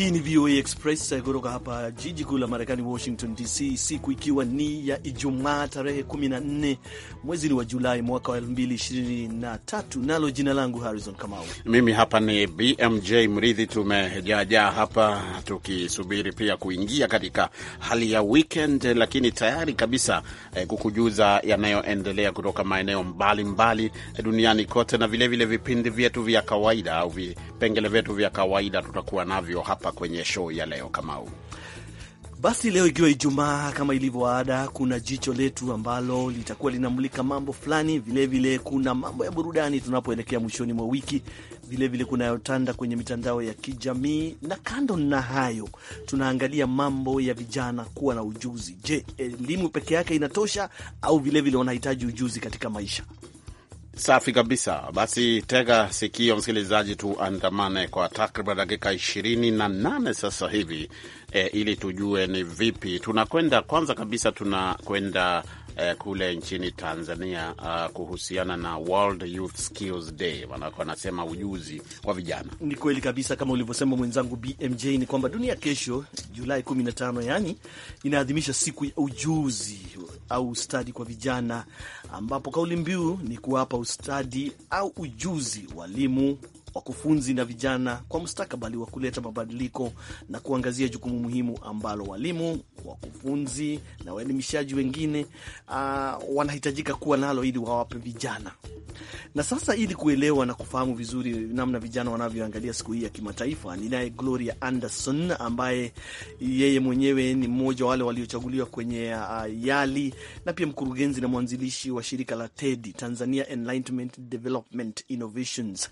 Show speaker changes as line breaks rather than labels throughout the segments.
Hii ni VOA Express eh, kutoka hapa jiji kuu la Marekani, Washington DC, siku ikiwa ni ya Ijumaa tarehe 14 mwezi ni wa Julai mwaka wa 2023, nalo jina langu Harrison Kamau.
Mimi hapa ni BMJ Mridhi. Tumejaajaa hapa tukisubiri pia kuingia katika hali ya weekend, lakini tayari kabisa eh, kukujuza yanayoendelea kutoka maeneo mbalimbali mbali eh, duniani kote, na vilevile vile vipindi vyetu vya kawaida au vipengele vyetu vya kawaida tutakuwa navyo hapa hapa kwenye show ya leo Kamau.
Basi leo ikiwa Ijumaa, kama ilivyo ada, kuna jicho letu ambalo litakuwa linamulika mambo fulani. Vilevile kuna mambo ya burudani tunapoelekea mwishoni mwa wiki, vilevile kunayotanda kwenye mitandao ya kijamii, na kando na hayo, tunaangalia mambo ya vijana kuwa na ujuzi. Je, elimu peke yake inatosha au vilevile wanahitaji ujuzi katika maisha?
Safi kabisa. Basi tega sikio, msikilizaji, tuandamane kwa takriban dakika ishirini na nane sasa hivi e, ili tujue ni vipi tunakwenda. Kwanza kabisa tunakwenda eh, kule nchini Tanzania uh, kuhusiana na World Youth Skills Day, wanasema ujuzi kwa vijana.
Ni kweli kabisa kama ulivyosema mwenzangu BMJ, ni kwamba dunia kesho Julai 15 yani inaadhimisha siku ya ujuzi au ustadi kwa vijana, ambapo kauli mbiu ni kuwapa ustadi au ujuzi walimu wakufunzi na vijana kwa mustakabali wa kuleta mabadiliko na kuangazia jukumu muhimu ambalo walimu, wakufunzi na waelimishaji wengine uh, wanahitajika kuwa nalo ili wawape vijana. Na sasa ili kuelewa na kufahamu vizuri namna vijana wanavyoangalia siku hii ya kimataifa, ninaye Gloria Anderson ambaye yeye mwenyewe ni mmoja wale waliochaguliwa kwenye uh, YALI na pia mkurugenzi na mwanzilishi wa shirika la TEDI, Tanzania Enlightenment Development Innovations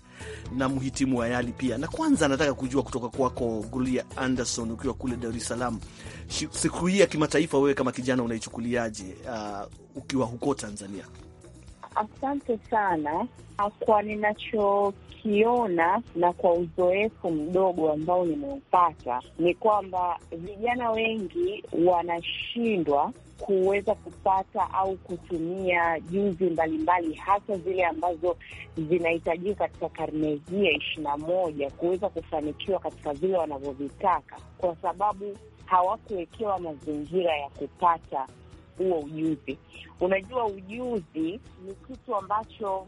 na mhitimu wa YALI pia. Na kwanza nataka kujua kutoka kwako Gulia Anderson, ukiwa kule Dar es Salaam, siku hii ya kimataifa, wewe kama kijana unaichukuliaje uh, ukiwa huko Tanzania?
Asante sana ah, kwa ninacho ninachokiona na kwa uzoefu mdogo ambao nimeupata ni kwamba vijana wengi wanashindwa kuweza kupata au kutumia juzi mbalimbali hasa zile ambazo zinahitajika katika karne hii ya ishirini na moja kuweza kufanikiwa katika vile wanavyovitaka, kwa sababu hawakuwekewa mazingira ya kupata huo ujuzi. Unajua, ujuzi ni kitu ambacho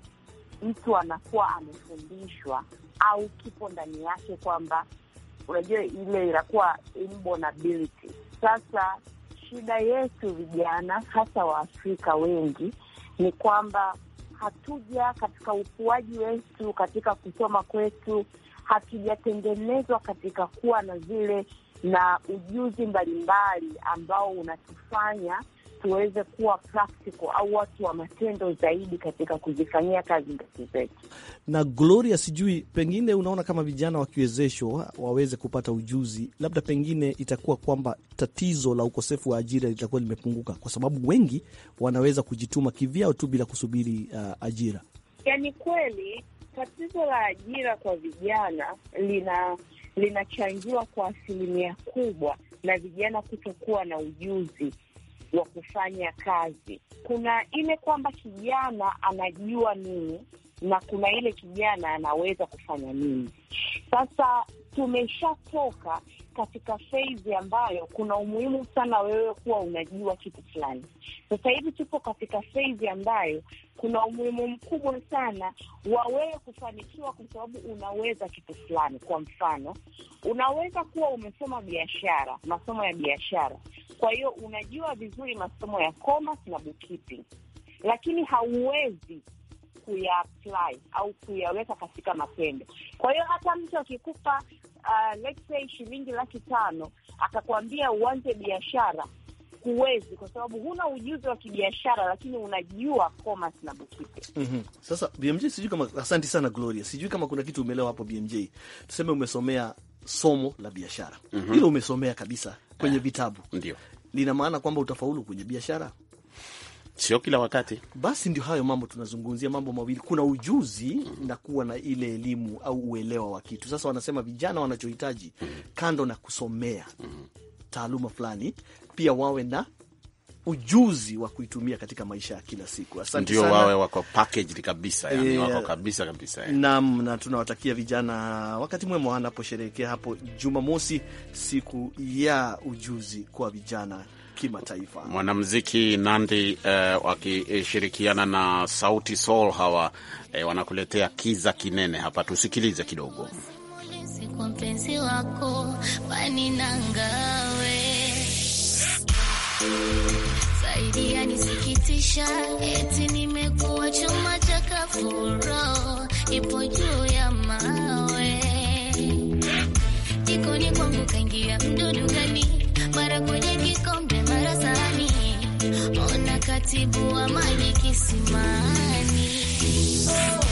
mtu anakuwa amefundishwa au kipo ndani yake kwamba unajua ile inakuwa inborn ability. Sasa shida yetu vijana, hasa Waafrika wengi, ni kwamba hatuja katika ukuaji wetu, katika kusoma kwetu, hatujatengenezwa katika kuwa na zile na ujuzi mbalimbali ambao unatufanya tuweze kuwa practical au watu wa matendo zaidi katika kuzifanyia kazi ndoto zetu.
Na Gloria, sijui pengine unaona kama vijana wakiwezeshwa waweze kupata ujuzi, labda pengine itakuwa kwamba tatizo la ukosefu wa ajira litakuwa limepunguka, kwa sababu wengi wanaweza kujituma kivyao tu bila kusubiri uh, ajira.
Yani kweli tatizo la ajira kwa vijana lina linachangiwa kwa asilimia kubwa na vijana kutokuwa na ujuzi wa kufanya kazi. Kuna ile kwamba kijana anajua nini na kuna ile kijana anaweza kufanya nini. Sasa tumeshatoka katika feizi ambayo kuna umuhimu sana wewe kuwa unajua kitu fulani. Sasa hivi tupo katika feizi ambayo kuna umuhimu mkubwa sana wa wewe kufanikiwa, kwa sababu unaweza kitu fulani. Kwa mfano, unaweza kuwa umesoma biashara, masomo ya biashara, kwa hiyo unajua vizuri masomo ya commerce na bookkeeping, lakini hauwezi kuyaapply au kuyaweka katika matendo. Kwa hiyo hata mtu akikupa uh, let's say shilingi laki tano akakwambia uanze biashara, huwezi kwa sababu huna ujuzi wa kibiashara, lakini unajua commerce na
bookkeeping. mm -hmm. Sasa BMJ, sijui kama, asanti sana Gloria, sijui kama kuna kitu umeelewa hapo BMJ. Tuseme umesomea somo la biashara mm -hmm. Hilo umesomea kabisa kwenye eh, vitabu, ndio lina maana kwamba utafaulu kwenye biashara?
sio kila wakati.
Basi ndio hayo mambo tunazungumzia, mambo mawili, kuna ujuzi mm. na kuwa na ile elimu au uelewa wa kitu. Sasa wanasema vijana wanachohitaji mm. kando na kusomea mm. taaluma fulani, pia wawe na ujuzi wa kuitumia katika maisha ya kila siku. Asante sana, wawe wako
packaged kabisa, yani eh, wako kabisa kabisa.
Naam, na tunawatakia vijana wakati mwema wanaposherehekea hapo Jumamosi, siku ya ujuzi kwa vijana kimataifa.
Mwanamuziki Nandi eh, wakishirikiana na Sauti Sol hawa eh, wanakuletea kiza kinene hapa, tusikilize kidogo
mpenzi wako nangawe zaidi eti nimekuwa chuma cha kafuro, ipo juu ya mawe, kwangu kaingia mdudu gani mara utaratibu wa maji kisimani oh.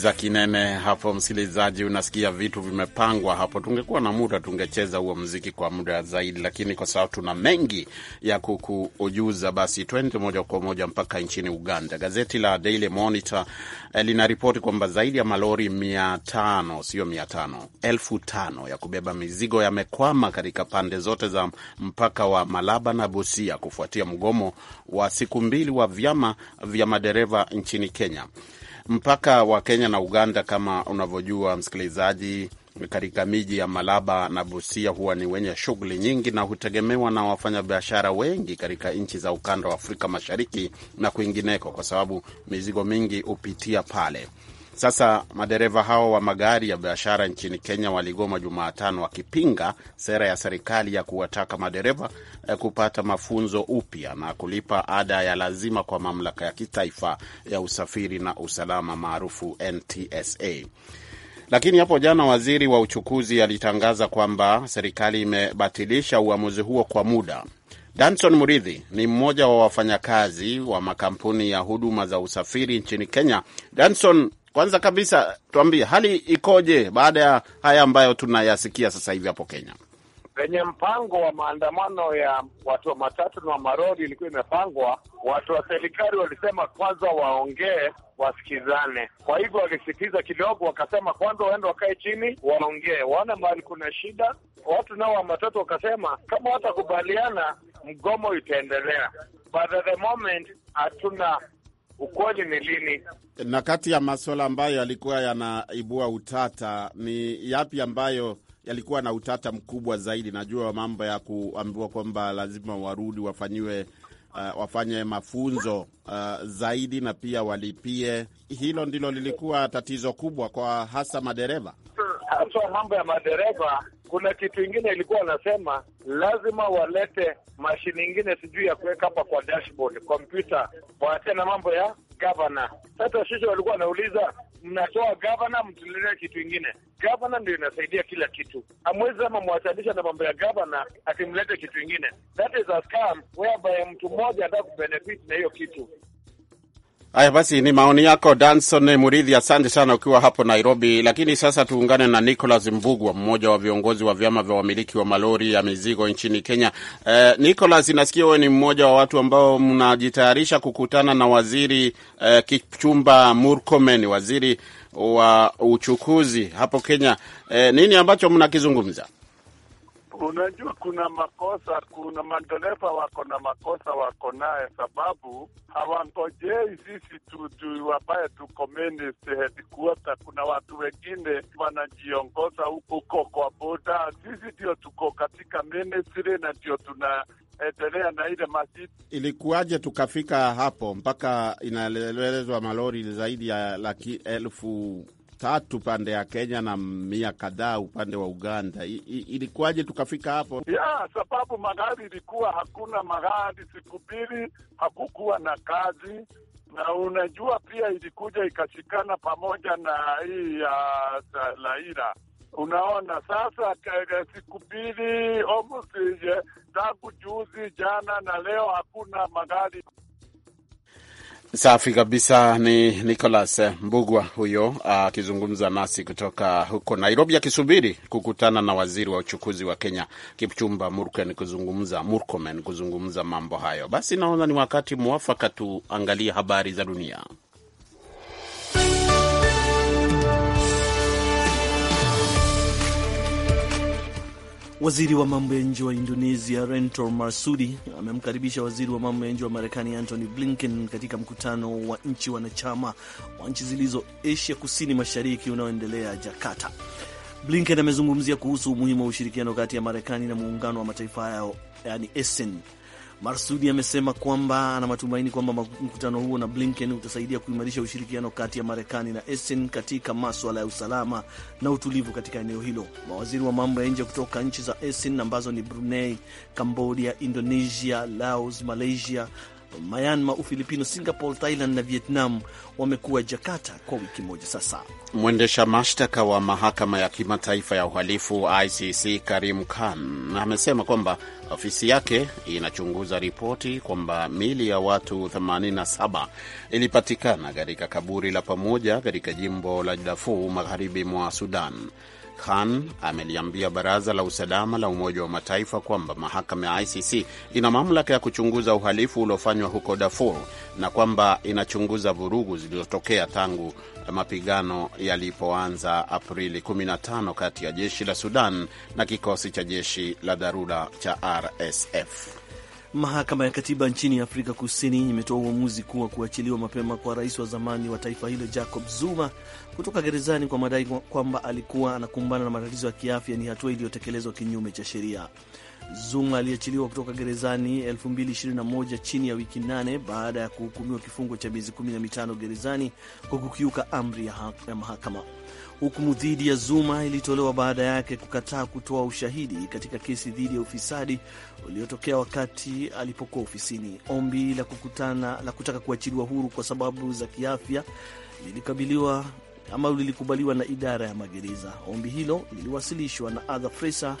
za Kinene hapo. Msikilizaji, unasikia vitu vimepangwa hapo. Tungekuwa na muda tungecheza huo mziki kwa muda zaidi, lakini kwa sababu tuna mengi ya kukuujuza basi twende moja kwa moja mpaka nchini Uganda. Gazeti la Daily Monitor eh, linaripoti kwamba zaidi ya malori mia tano, sio mia tano, elfu tano ya kubeba mizigo yamekwama katika pande zote za mpaka wa Malaba na Busia kufuatia mgomo wa siku mbili wa vyama vya madereva nchini Kenya. Mpaka wa Kenya na Uganda, kama unavyojua msikilizaji, katika miji ya Malaba na Busia huwa ni wenye shughuli nyingi na hutegemewa na wafanyabiashara wengi katika nchi za ukanda wa Afrika Mashariki na kwingineko, kwa sababu mizigo mingi hupitia pale. Sasa madereva hao wa magari ya biashara nchini Kenya waligoma Jumatano wakipinga sera ya serikali ya kuwataka madereva eh, kupata mafunzo upya na kulipa ada ya lazima kwa mamlaka ya kitaifa ya usafiri na usalama maarufu NTSA. Lakini hapo jana waziri wa uchukuzi alitangaza kwamba serikali imebatilisha uamuzi huo kwa muda. Danson Muridhi ni mmoja wa wafanyakazi wa makampuni ya huduma za usafiri nchini Kenya. Danson, kwanza kabisa tuambie hali ikoje baada ya haya ambayo tunayasikia sasa hivi hapo Kenya?
Penye mpango wa maandamano ya watu wa matatu na wa ilikuwa imepangwa, watu wa serikali walisema kwanza waongee, wasikizane. Kwa hivyo walisitiza kidogo, wakasema kwanza waende wakae chini, waongee, waone mahali kuna shida. Watu nao wa matatu wakasema kama watakubaliana, mgomo itaendelea, but at the moment hatuna ukweli ni lini.
Na kati ya maswala ambayo yalikuwa yanaibua utata ni yapi ambayo yalikuwa na utata mkubwa zaidi? Najua mambo ya kuambiwa kwamba lazima warudi wafanyiwe Uh, wafanye mafunzo uh, zaidi na pia walipie. Hilo ndilo lilikuwa tatizo kubwa kwa hasa madereva,
haswa mambo ya madereva kuna kitu ingine ilikuwa anasema lazima walete mashini ingine sijui ya kuweka hapa kwa dashboard kompyuta, waachane na mambo ya gavana. Sasa shisho walikuwa wanauliza mnatoa gavana mtuletea kitu ingine. Gavana ndio inasaidia kila kitu, amwezi ama mwachanisha na mambo ya gavana atimlete kitu ingine. That is a scam whereby mtu mmoja anataka kubenefit na hiyo kitu.
Haya basi, ni maoni yako Danson Muridhi. Asante sana ukiwa hapo Nairobi. Lakini sasa tuungane na Nicholas mbugwa mmoja wa viongozi wa vyama vya wamiliki wa malori ya mizigo nchini Kenya. Eh, Nicholas, inasikia wewe ni mmoja wa watu ambao mnajitayarisha kukutana na waziri eh, Kipchumba Murkomen, waziri wa uchukuzi hapo Kenya. Eh, nini ambacho mnakizungumza?
Unajua, kuna makosa, kuna madereva wako na makosa wako naye, sababu hawangojei sisi tu ambaye tuko headquarter. Kuna watu wengine wanajiongoza huko kwa boda, sisi ndio tuko katika ministry na ndio tuna endelea na ile masjid.
Ilikuwaje tukafika hapo mpaka inaelezwa malori zaidi ya laki elfu tatu upande ya Kenya na mia kadhaa upande wa Uganda. ilikuwaje tukafika hapo? Ya
sababu magari ilikuwa hakuna magari siku mbili, hakukuwa na kazi na unajua pia ilikuja ikashikana pamoja na hii ya Laira. Unaona sasa, siku mbili almost eh, tangu juzi jana na leo hakuna magari.
Safi kabisa. Ni Nicholas Mbugwa huyo akizungumza nasi kutoka huko Nairobi, akisubiri kukutana na waziri wa uchukuzi wa Kenya Kipchumba Murkomen kuzungumza, Murkomen kuzungumza mambo hayo. Basi naona ni wakati mwafaka tuangalie habari za dunia.
Waziri wa mambo ya nje wa Indonesia rento Marsudi amemkaribisha waziri wa mambo ya nje wa Marekani Antony Blinken katika mkutano wa nchi wanachama wa nchi zilizo Asia kusini mashariki unaoendelea Jakarta. Blinken amezungumzia kuhusu umuhimu wa ushirikiano kati ya Marekani na muungano wa mataifa hayo, yani ASEAN Marsudi amesema kwamba ana matumaini kwamba mkutano huo na Blinken utasaidia kuimarisha ushirikiano kati ya Marekani na ASEAN katika maswala ya usalama na utulivu katika eneo hilo. Mawaziri wa mambo ya nje kutoka nchi za ASEAN ambazo ni Brunei, Cambodia, Indonesia, Laos, Malaysia, Myanmar, Ufilipino, Singapore, Thailand na Vietnam wamekuwa Jakarta kwa wiki moja sasa.
Mwendesha mashtaka wa mahakama ya kimataifa ya uhalifu ICC Karim Khan amesema kwamba ofisi yake inachunguza ripoti kwamba mili ya watu 87 ilipatikana katika kaburi la pamoja katika jimbo la Darfur magharibi mwa Sudan. Khan ameliambia baraza la usalama la Umoja wa Mataifa kwamba mahakama ya ICC ina mamlaka ya kuchunguza uhalifu uliofanywa huko Darfur na kwamba inachunguza vurugu zilizotokea tangu mapigano yalipoanza Aprili 15 kati ya jeshi la Sudan na kikosi cha jeshi la dharura cha RSF.
Mahakama ya Katiba nchini Afrika Kusini imetoa uamuzi kuwa kuachiliwa mapema kwa rais wa zamani wa taifa hilo Jacob Zuma kutoka gerezani kwa madai kwamba alikuwa anakumbana na matatizo ya kiafya ni hatua iliyotekelezwa kinyume cha sheria. Zuma aliachiliwa kutoka gerezani 2021 chini ya wiki nane baada ya kuhukumiwa kifungo cha miezi 15 gerezani kwa kukiuka amri ya mahakama. Hukumu dhidi ya Zuma ilitolewa baada yake kukataa kutoa ushahidi katika kesi dhidi ya ufisadi uliotokea wakati alipokuwa ofisini. Ombi la kukutana la kutaka kuachiliwa huru kwa sababu za kiafya lilikabiliwa ama lilikubaliwa na idara ya magereza. Ombi hilo liliwasilishwa na Arthur Fraser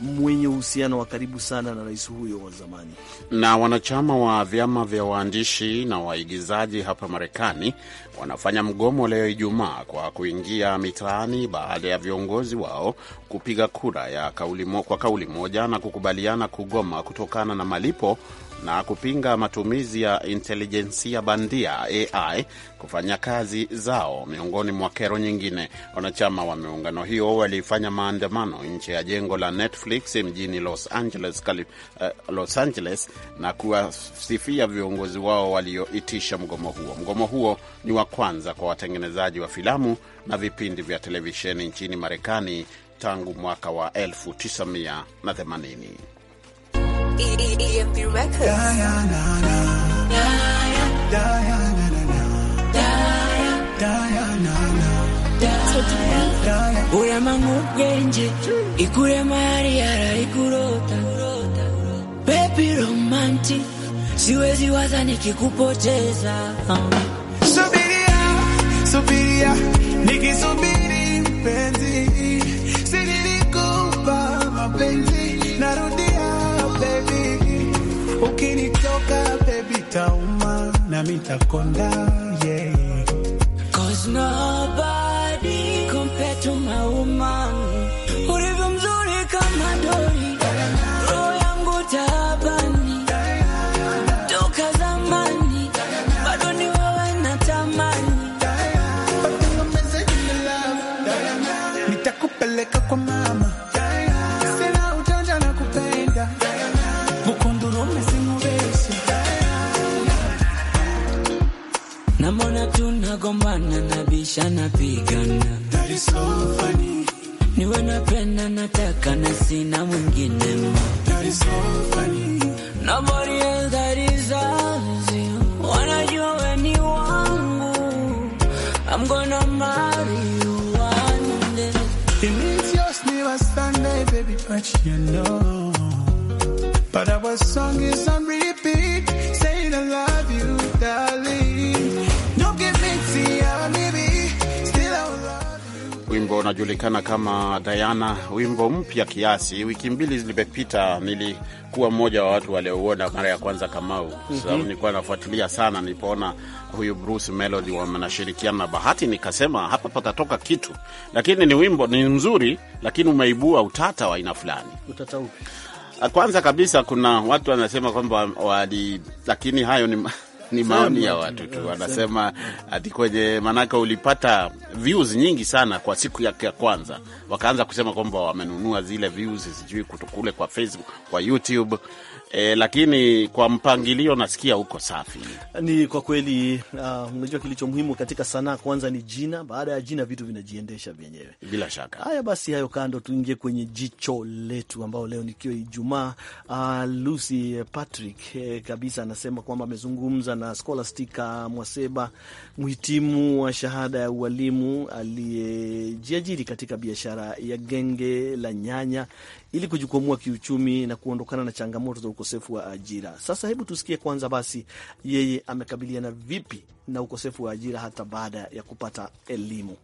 mwenye uhusiano wa karibu sana na rais huyo wa zamani.
Na wanachama wa vyama vya waandishi na waigizaji hapa Marekani wanafanya mgomo leo Ijumaa kwa kuingia mitaani baada ya viongozi wao kupiga kura ya kauli mo, kwa kauli moja na kukubaliana kugoma kutokana na malipo na kupinga matumizi ya intelijensia bandia AI kufanya kazi zao, miongoni mwa kero nyingine. Wanachama wa miungano hiyo walifanya maandamano nje ya jengo la Netflix mjini Los Angeles, Cali, uh, eh, Los Angeles na kuwasifia viongozi wao walioitisha mgomo huo. Mgomo huo ni wa kwanza kwa watengenezaji wa filamu na vipindi vya televisheni nchini Marekani tangu mwaka wa 1980.
EMP Records. Diana, Diana,
Diana, Diana, Diana, Diana, uramangu yenje ikure mariara ikurota bebi romanti siwezi waza nikikupoteza um. nami takonda yeah. mchana pigana, that is so funny. Niwe napenda nataka na sina mwingine ma, that is so funny.
Nobody else that is as you.
Wanajua we ni wangu, I'm gonna marry you one day. It means yours never Sunday, baby, but you know. But our song is on repeat, saying I love you.
wimbo unajulikana kama Diana, wimbo mpya kiasi. Wiki mbili zilipopita nilikuwa mmoja wa watu waliouona mara ya kwanza Kamau. mm -hmm. nilikuwa nafuatilia sana, nilipoona huyu Bruce Melody wanashirikiana na Bahati nikasema hapa patatoka kitu, lakini ni wimbo ni mzuri, lakini umeibua utata wa aina fulani. Utata upi? Kwanza kabisa kuna watu wanasema kwamba wali, lakini hayo ni ni maoni ya watu tu eh, wanasema ati kwenye, maanake ulipata views nyingi sana kwa siku yake ya kwanza, wakaanza kusema kwamba wamenunua zile views, sijui kutokule kwa Facebook, kwa YouTube E, lakini kwa mpangilio nasikia huko safi.
Ni kwa kweli. Unajua uh, kilicho muhimu katika sanaa kwanza ni jina. Baada ya jina vitu vinajiendesha vyenyewe bila shaka. Haya basi, hayo kando, tuingie kwenye jicho letu ambao leo nikiwa Ijumaa. Uh, Lucy Patrick eh, kabisa anasema kwamba amezungumza na Scholastica Mwaseba, mhitimu wa shahada ya ualimu aliyejiajiri katika biashara ya genge la nyanya ili kujikwamua kiuchumi na kuondokana na changamoto za ukosefu wa ajira. Sasa hebu tusikie kwanza basi yeye amekabiliana vipi na ukosefu wa ajira hata baada ya kupata elimu.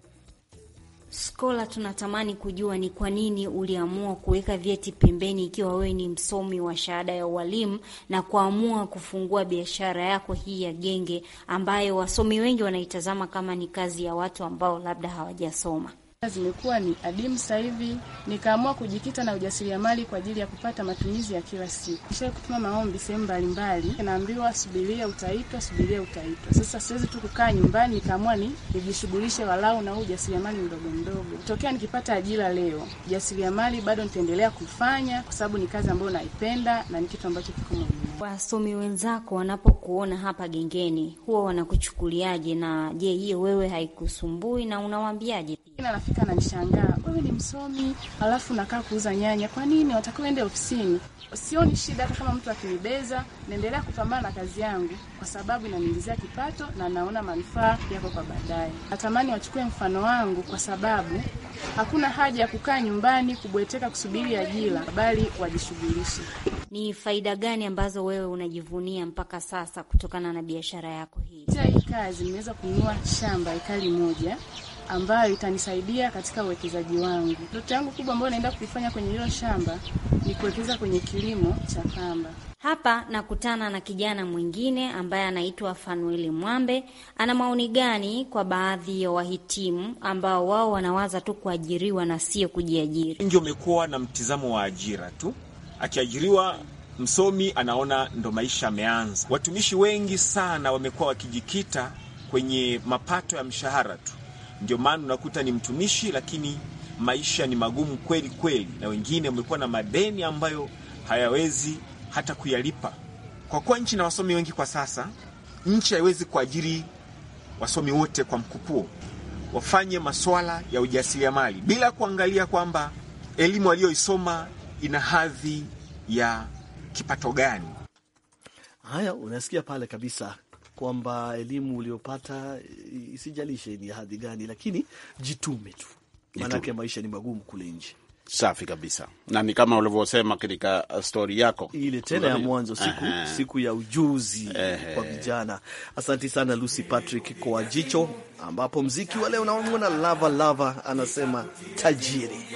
Skola, tunatamani kujua ni kwa nini uliamua kuweka vyeti pembeni ikiwa wewe ni msomi wa shahada ya ualimu na kuamua kufungua biashara yako hii ya genge ambayo wasomi wengi wanaitazama kama ni kazi ya watu ambao labda hawajasoma
zimekuwa ni adimu sasa hivi, nikaamua kujikita na ujasiriamali kwa ajili ya kupata matumizi ya kila siku. Kisha kutuma maombi sehemu mbalimbali, naambiwa subiria utaitwa, subiria utaitwa. Sasa siwezi tu kukaa nyumbani, nikaamua ni nijishughulishe walau na ujasiriamali mdogo mdogo. Tokea nikipata ajira leo, ujasiriamali bado nitaendelea kufanya kwa sababu ni kazi
ambayo naipenda na ni kitu ambacho kiko moyoni. Wasomi wenzako wanapokuona hapa gengeni huwa wanakuchukuliaje? Na je, hiyo wewe haikusumbui na unawaambiaje? kila rafiki ananishangaa, wewe ni
msomi alafu unakaa kuuza nyanya, kwa nini? Watakiwa ende ofisini. Sioni shida hata kama mtu akinibeza, naendelea kupambana na kazi yangu kwa sababu inaniingizia kipato na naona manufaa yako kwa baadaye. Natamani wachukue mfano wangu kwa sababu hakuna haja ya kukaa nyumbani kubweteka kusubiri ajira, bali wajishughulishe.
Ni faida gani ambazo wewe unajivunia mpaka sasa kutokana na biashara yako
hii? Hii kazi nimeweza kununua shamba ekari moja ambayo itanisaidia katika uwekezaji wangu. Ndoto yangu kubwa ambayo naenda kuifanya kwenye hilo shamba ni kuwekeza kwenye
kilimo cha pamba. Hapa nakutana na kijana mwingine ambaye anaitwa Fanueli Mwambe. Ana maoni gani kwa baadhi ya wahitimu ambao wao wanawaza tu kuajiriwa na sio kujiajiri?
Wengi wamekuwa na mtizamo wa ajira tu, akiajiriwa msomi anaona ndo maisha ameanza. Watumishi wengi sana wamekuwa wakijikita kwenye mapato ya mshahara tu ndio maana unakuta ni mtumishi, lakini maisha ni magumu kweli kweli, na wengine wamekuwa na madeni ambayo hayawezi hata kuyalipa. Kwa kuwa nchi na wasomi wengi kwa sasa, nchi haiwezi kuajiri wasomi wote kwa mkupuo, wafanye masuala ya ujasiriamali bila kuangalia kwamba elimu aliyoisoma ina hadhi ya kipato gani. Haya, unasikia pale kabisa
kwamba elimu uliopata e, isijalishe ni hadhi gani, lakini jitume tu, maanake maisha ni magumu kule nje.
Safi kabisa, na ni kama ulivyosema katika
uh, stori yako ile tena ya mwanzo, siku siku ya ujuzi Ehe. kwa vijana. Asanti sana Lucy Patrick kwa jicho, ambapo mziki wa leo naona lava lava anasema tajiri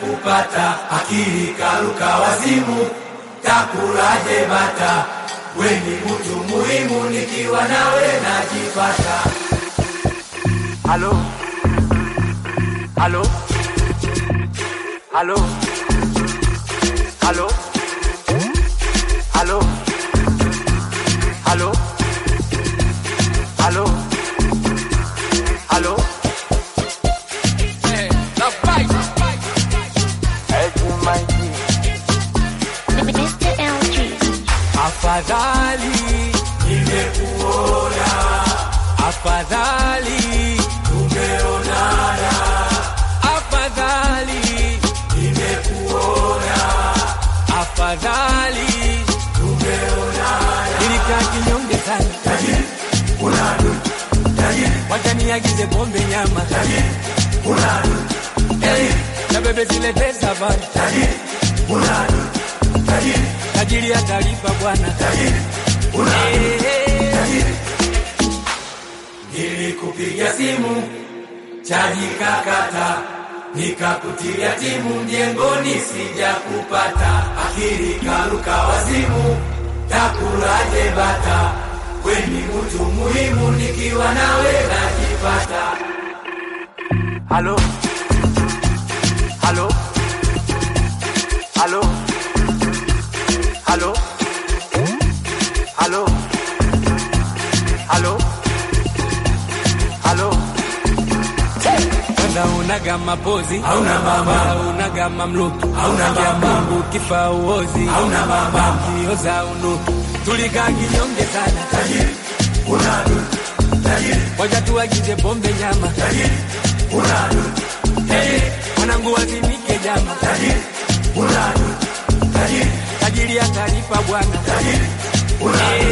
kupata akili karuka wazimu takulaje bata we ni mtu muhimu, nikiwa nawe najipata. Halo, halo, halo, halo. Afadhali nimekuona, afadhali tumeonana, afadhali nimekuona, afadhali tumeonana. Nilikaa kinyonge sana, tajiri pombe nyama, tajiri na bebe zile pesa bana, tajiri kuna tajiri, tajiri atalipa bwana, tajiri simu chaji kakata, nikakutilia timu mjengoni, sijakupata. Akili karuka wazimu, takulaje bata? Weni mtu muhimu, nikiwa nawe najipata. Halo, halo unaonaga mapozi hauna mama, unaga mamluki hauna mama, kifa uozi hauna mama, ukioza unu tulika kinyonge sana, tajiri unadu tajiri, wacha tuagize pombe nyama, tajiri unadu tajiri, mwanangu azimike jama, tajiri unadu tajiri, tajiri atalipa bwana, tajiri unadu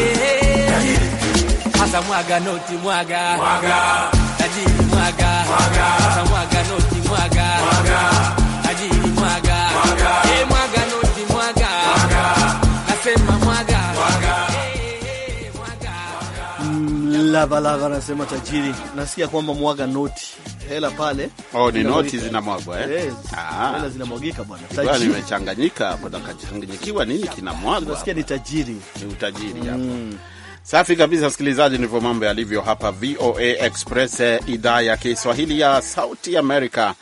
tajiri, hasa mwaga noti mwaga mwaga, tajiri mwaga
Lavalava anasema mm, tajiri, nasikia kwamba mwaga noti hela pale. Oh, ni noti zinamwagwa eh? Yes. Eh, ah. Hela zinamwagika bwana. Tajiri
nimechanganyika hapo, nakachanganyikiwa nini kinamwagwa. Nasikia ni tajiri. Ni utajiri hapo. Mm. Safi kabisa, msikilizaji, ndivyo mambo yalivyo hapa VOA Express, eh, idhaa ya Kiswahili ya Sauti Amerika.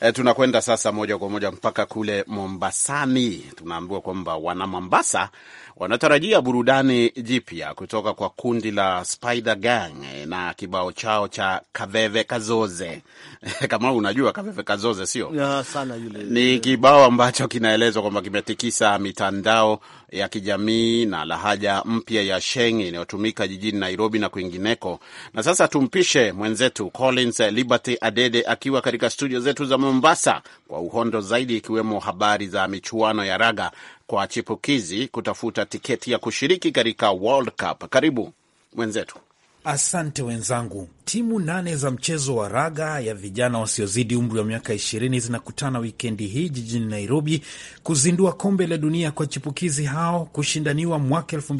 E, tunakwenda sasa moja kwa moja mpaka kule Mombasani. Tunaambiwa kwamba wana Mombasa wanatarajia burudani jipya kutoka kwa kundi la Spider Gang na kibao chao cha Kaveve Kazoze. Kama unajua Kaveve Kazoze sio sana yule, ni kibao ambacho kinaelezwa kwamba kimetikisa mitandao ya kijamii na lahaja mpya ya Sheng inayotumika jijini Nairobi na kwingineko. Na sasa tumpishe mwenzetu Collins Liberty Adede akiwa katika studio zetu za Mombasa kwa uhondo zaidi, ikiwemo habari za michuano ya raga kwa chipukizi kutafuta tiketi ya kushiriki katika World Cup. Karibu mwenzetu.
Asante wenzangu. Timu nane za mchezo wa raga ya vijana wasiozidi umri wa miaka 20 zinakutana wikendi hii jijini Nairobi kuzindua kombe la dunia kwa chipukizi hao kushindaniwa mwaka elfu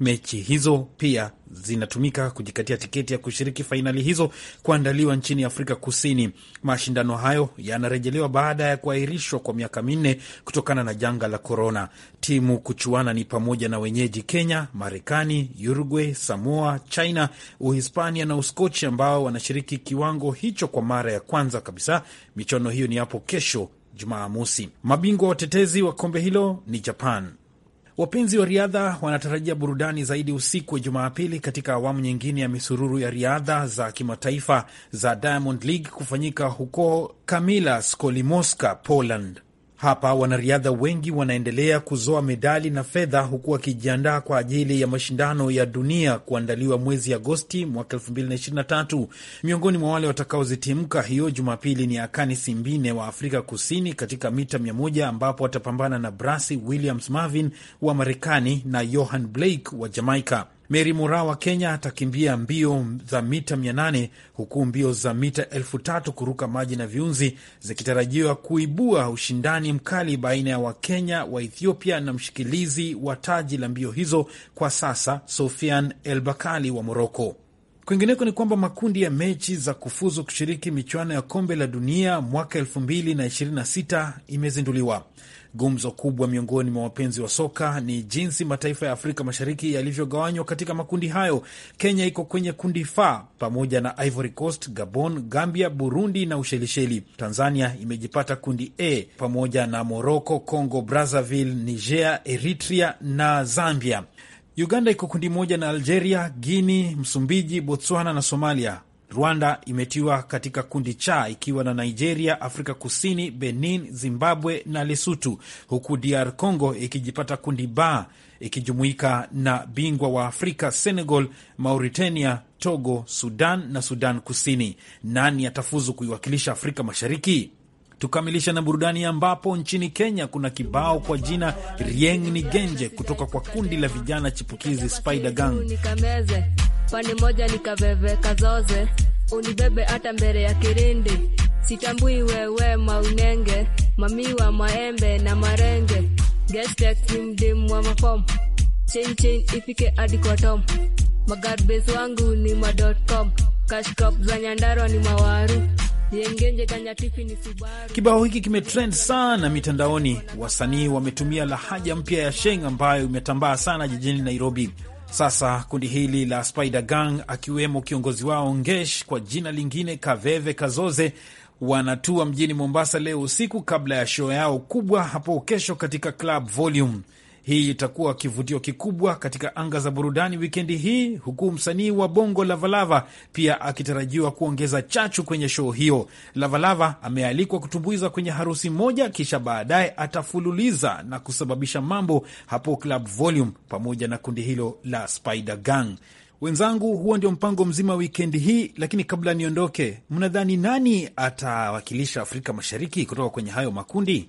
Mechi hizo pia zinatumika kujikatia tiketi ya kushiriki fainali hizo kuandaliwa nchini Afrika Kusini. Mashindano hayo yanarejelewa baada ya kuahirishwa kwa miaka minne kutokana na janga la korona. Timu kuchuana ni pamoja na wenyeji Kenya, Marekani, Uruguay, Samoa, China, Uhispania Hispania na Uskochi ambao wanashiriki kiwango hicho kwa mara ya kwanza kabisa. Michuano hiyo ni hapo kesho Jumamosi. Mabingwa watetezi wa kombe hilo ni Japan. Wapenzi wa riadha wanatarajia burudani zaidi usiku wa Jumapili katika awamu nyingine ya misururu ya riadha za kimataifa za Diamond League kufanyika huko Kamila Skolimowska, Poland. Hapa wanariadha wengi wanaendelea kuzoa medali na fedha, huku wakijiandaa kwa ajili ya mashindano ya dunia kuandaliwa mwezi Agosti mwaka 2023. Miongoni mwa wale watakaozitimka hiyo Jumapili ni Akani Simbine wa Afrika Kusini katika mita 100, ambapo watapambana na Brasi Williams Marvin wa Marekani na Johan Blake wa Jamaica meri Mura wa Kenya atakimbia mbio za mita 800 huku mbio za mita 3 kuruka maji na viunzi zikitarajiwa kuibua ushindani mkali baina ya Wakenya wa Ethiopia na mshikilizi wa taji la mbio hizo kwa sasa Sofian el bakali wa Moroko. Kwingineko ni kwamba makundi ya mechi za kufuzu kushiriki michuano ya kombe la dunia mwaka 2026 imezinduliwa. Gumzo kubwa miongoni mwa wapenzi wa soka ni jinsi mataifa ya Afrika Mashariki yalivyogawanywa katika makundi hayo. Kenya iko kwenye kundi fa pamoja na Ivory Coast, Gabon, Gambia, Burundi na Ushelisheli. Tanzania imejipata kundi A pamoja na Moroko, Congo Brazzaville, Niger, Eritrea na Zambia. Uganda iko kundi moja na Algeria, Guini, Msumbiji, Botswana na Somalia. Rwanda imetiwa katika kundi cha ikiwa na Nigeria, Afrika Kusini, Benin, Zimbabwe na lesutu huku DR Congo ikijipata kundi ba ikijumuika na bingwa wa Afrika Senegal, Mauritania, Togo, Sudan na Sudan Kusini. Nani atafuzu kuiwakilisha Afrika Mashariki? Tukamilisha na burudani, ambapo nchini Kenya kuna kibao kwa jina Rieng ni Genje kutoka kwa kundi la vijana chipukizi Spider Gang.
Nikameze moja unibebe hata mbele ya kirindi, sitambui wewe maunenge, mamiwa maembe na marenge, gestekimdim wa mafom ifike hadi kwa tom, magarbes wangu ni ma.com, za ni mawaru
Kibao hiki kimetrend sana mitandaoni. Wasanii wametumia lahaja mpya ya Sheng ambayo imetambaa sana jijini Nairobi. Sasa kundi hili la Spider Gang akiwemo kiongozi wao Ngesh kwa jina lingine Kaveve Kazoze wanatua mjini Mombasa leo usiku kabla ya show yao kubwa hapo kesho katika Club Volume. Hii itakuwa kivutio kikubwa katika anga za burudani wikendi hii, huku msanii wa bongo Lavalava pia akitarajiwa kuongeza chachu kwenye shoo hiyo. Lavalava amealikwa kutumbuiza kwenye harusi moja, kisha baadaye atafululiza na kusababisha mambo hapo Club Volume pamoja na kundi hilo la Spider Gang. Wenzangu, huo ndio mpango mzima wikendi hii, lakini kabla niondoke, mnadhani nani atawakilisha Afrika Mashariki kutoka kwenye hayo makundi?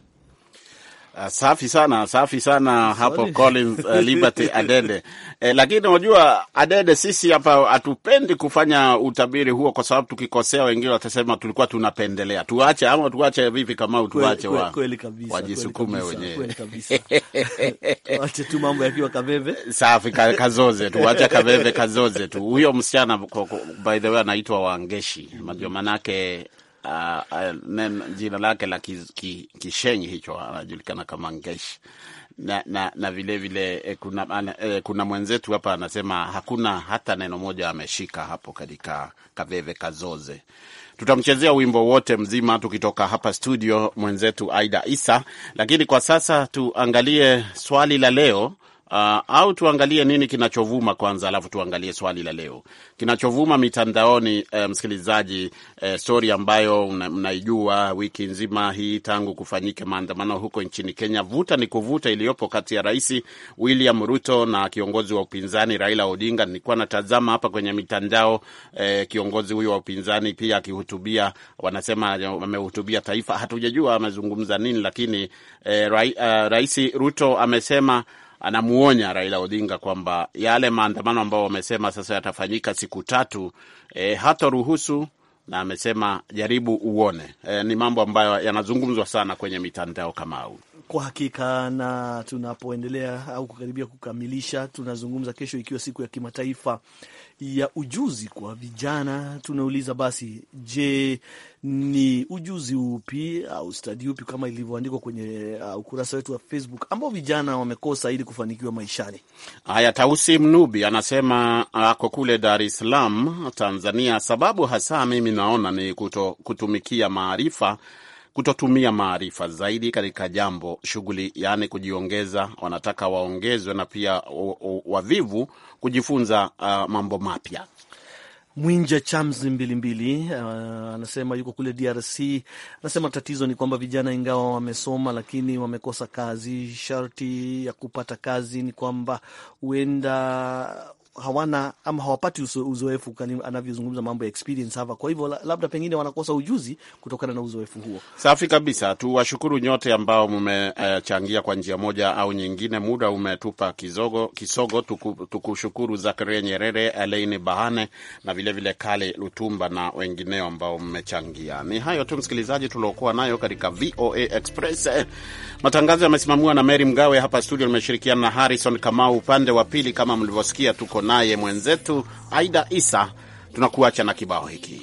Eh,
safi sana safi sana hapo Collins, uh, Liberty Adede eh, lakini unajua Adede, sisi hapa hatupendi kufanya utabiri huo, kwa sababu tukikosea wengine watasema tulikuwa tunapendelea. Tuache ama tuache vipi? Kama tuache wa wajisukume wenyewe,
tuache tu mambo yakiwa kabebe. Safi ka, kazoze tu, tuache kabebe
kazoze tu. Huyo msichana by the way anaitwa Wangeshi, ndio manake uh, jina lake la kishenyi ki, hicho anajulikana kama Ngesh na, na, na vile vile eh, kuna, eh, kuna mwenzetu hapa anasema hakuna hata neno moja ameshika hapo katika kaveve kazoze. Tutamchezea wimbo wote mzima tukitoka hapa studio, mwenzetu Aida Isa, lakini kwa sasa tuangalie swali la leo uh, au tuangalie nini kinachovuma kwanza, alafu tuangalie swali la leo kinachovuma mitandaoni. Eh, msikilizaji, eh, stori ambayo mnaijua wiki nzima hii tangu kufanyike maandamano huko nchini Kenya, vuta ni kuvuta iliyopo kati ya Rais William Ruto na kiongozi wa upinzani Raila Odinga. Nilikuwa natazama hapa kwenye mitandao eh, kiongozi huyo wa upinzani pia akihutubia, wanasema amehutubia taifa, hatujajua amezungumza nini, lakini eh, uh, Rais Ruto amesema anamuonya Raila Odinga kwamba yale maandamano ambayo wamesema sasa yatafanyika siku tatu, e, hataruhusu na amesema jaribu uone. E, ni mambo ambayo yanazungumzwa sana kwenye mitandao kama au
Kwa hakika, na tunapoendelea au kukaribia kukamilisha, tunazungumza kesho ikiwa siku ya kimataifa ya ujuzi kwa vijana. Tunauliza basi, je, ni ujuzi upi au stadi upi kama ilivyoandikwa kwenye uh, ukurasa wetu wa Facebook ambao vijana wamekosa ili kufanikiwa maishani?
Haya, Tausi Mnubi anasema uh, ako kule Dar es Salaam, Tanzania. Sababu hasa mimi naona ni kuto, kutumikia maarifa kutotumia maarifa zaidi katika jambo shughuli, yaani kujiongeza, wanataka waongezwe na pia wavivu kujifunza uh, mambo mapya.
Mwinja Chams mbilimbili uh, anasema yuko kule DRC. Anasema tatizo ni kwamba vijana ingawa wamesoma lakini wamekosa kazi. Sharti ya kupata kazi ni kwamba huenda hawana ama hawapati uzoefu anavyozungumza mambo ya experience hapa. Kwa hivyo labda pengine wanakosa ujuzi kutokana na uzoefu huo.
Safi kabisa. Tuwashukuru nyote ambao mmechangia uh, kwa njia moja au nyingine. Muda umetupa kisogo, kisogo. Tukushukuru Zakaria Nyerere, Alaini Bahane na vilevile vile Kale Lutumba na wengineo ambao mmechangia. Ni hayo tu msikilizaji, tuliokuwa nayo katika VOA Express. Matangazo yamesimamiwa na Mary Mgawe hapa studio, limeshirikiana na Harrison Kamau upande wa pili. Kama mlivyosikia, tuko naye mwenzetu Aida Isa. Tunakuacha na kibao hiki.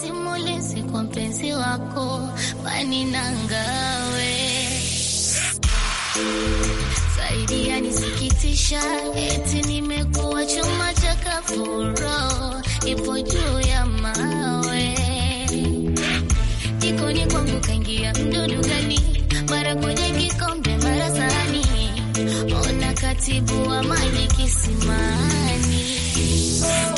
Simulizi kwa mpenzi wako eti nimekuwa chuma cha ipo juu ya mawe mezani kwangu kaingia mdudu gani? Mara kwenye kikombe, mara sahani, ona katibu wa maji kisimani